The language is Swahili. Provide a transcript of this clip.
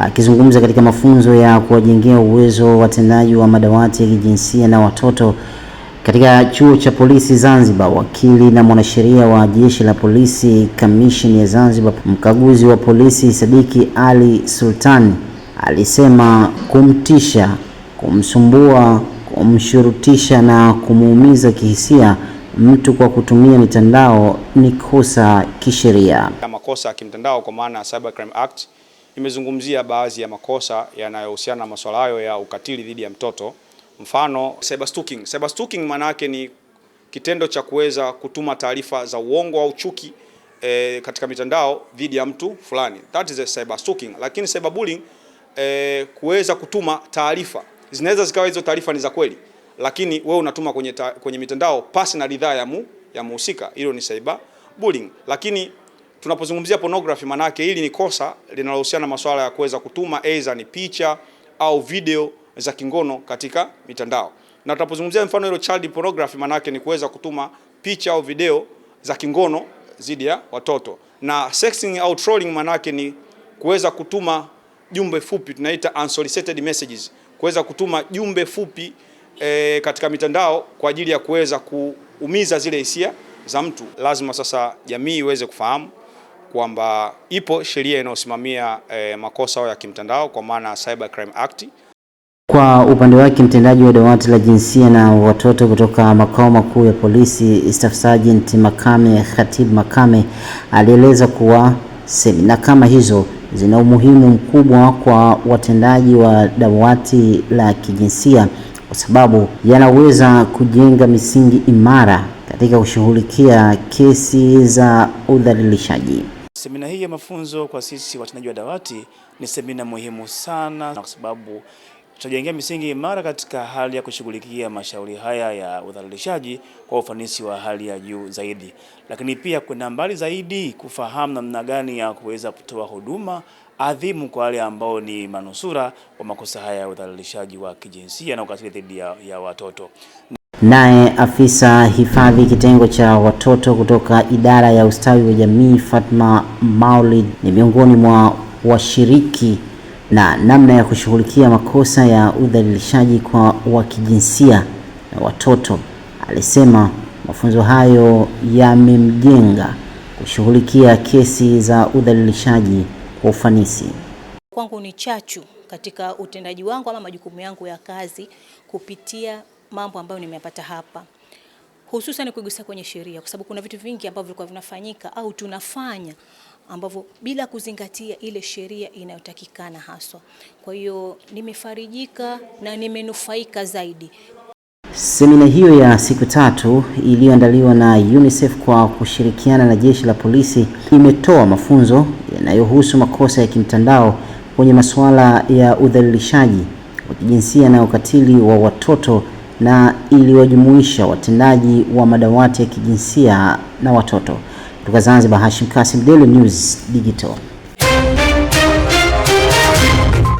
Akizungumza katika mafunzo ya kuwajengea uwezo watendaji wa madawati ya kijinsia na watoto katika Chuo cha Polisi Zanzibar, wakili na mwanasheria wa Jeshi la Polisi, Kamisheni ya Zanzibar, mkaguzi wa polisi Sadiki Ali Sultani alisema kumtisha, kumsumbua, kumshurutisha na kumuumiza kihisia mtu kwa kutumia mitandao ni kosa kisheria, makosa ya kimtandao kwa maana ya Cyber Crime Act imezungumzia baadhi ya makosa yanayohusiana na masuala hayo ya ukatili dhidi ya mtoto, mfano cyber stalking. Cyber stalking maana yake ni kitendo cha kuweza kutuma taarifa za uongo au chuki e, katika mitandao dhidi ya mtu fulani, that is a cyber stalking. Lakini cyber bullying e, kuweza kutuma taarifa, zinaweza zikawa hizo taarifa ni za kweli, lakini wewe unatuma kwenye, ta, kwenye mitandao pasi na ridhaa ya mu, ya muhusika, hilo ni cyber bullying, lakini Tunapozungumzia pornography, manake hili ni kosa linalohusiana na masuala ya kuweza kutuma aidha ni picha au video za kingono katika mitandao, na tunapozungumzia mfano hilo child pornography, manake ni kuweza kutuma picha au video za kingono dhidi ya watoto, na sexting au trolling, manake ni kuweza kutuma jumbe fupi, tunaita unsolicited messages, kuweza kutuma jumbe fupi e, katika mitandao kwa ajili ya kuweza kuumiza zile hisia za mtu. Lazima sasa jamii iweze kufahamu kwamba ipo sheria inayosimamia e, makosa ya kimtandao kwa maana Cyber Crime Act. Kwa upande wake mtendaji wa dawati la jinsia na watoto kutoka makao makuu ya polisi Staff Sergeant Makame Khatib Makame alieleza kuwa semina kama hizo zina umuhimu mkubwa kwa watendaji wa dawati la kijinsia kwa sababu yanaweza kujenga misingi imara katika kushughulikia kesi za udhalilishaji. Semina hii ya mafunzo kwa sisi watendaji wa dawati ni semina muhimu sana, kwa sababu tutajengea misingi imara katika hali ya kushughulikia mashauri haya ya udhalilishaji kwa ufanisi wa hali ya juu zaidi, lakini pia kwenda mbali zaidi kufahamu namna gani ya kuweza kutoa huduma adhimu kwa wale ambao ni manusura wa makosa haya ya udhalilishaji wa kijinsia na ukatili dhidi ya, ya watoto. Naye afisa hifadhi kitengo cha watoto kutoka idara ya ustawi wa jamii Fatma Maulid ni miongoni mwa washiriki na namna ya kushughulikia makosa ya udhalilishaji kwa wa kijinsia na watoto. Alisema mafunzo hayo yamemjenga kushughulikia kesi za udhalilishaji kwa ufanisi. Kwangu ni chachu katika utendaji wangu ama majukumu yangu ya kazi kupitia mambo ambayo nimeyapata hapa, hususan kugusa kwenye sheria, kwa sababu kuna vitu vingi ambavyo vilikuwa vinafanyika au tunafanya ambavyo bila kuzingatia ile sheria inayotakikana haswa. Kwa hiyo nimefarijika na nimenufaika zaidi. Semina hiyo ya siku tatu iliyoandaliwa na UNICEF kwa kushirikiana na jeshi la polisi imetoa mafunzo yanayohusu makosa ya kimtandao kwenye masuala ya udhalilishaji wa kijinsia na ukatili wa watoto na iliwajumuisha watendaji wa madawati ya kijinsia na watoto. Kutoka Zanzibar, Hashim Kasim, Daily News Digital.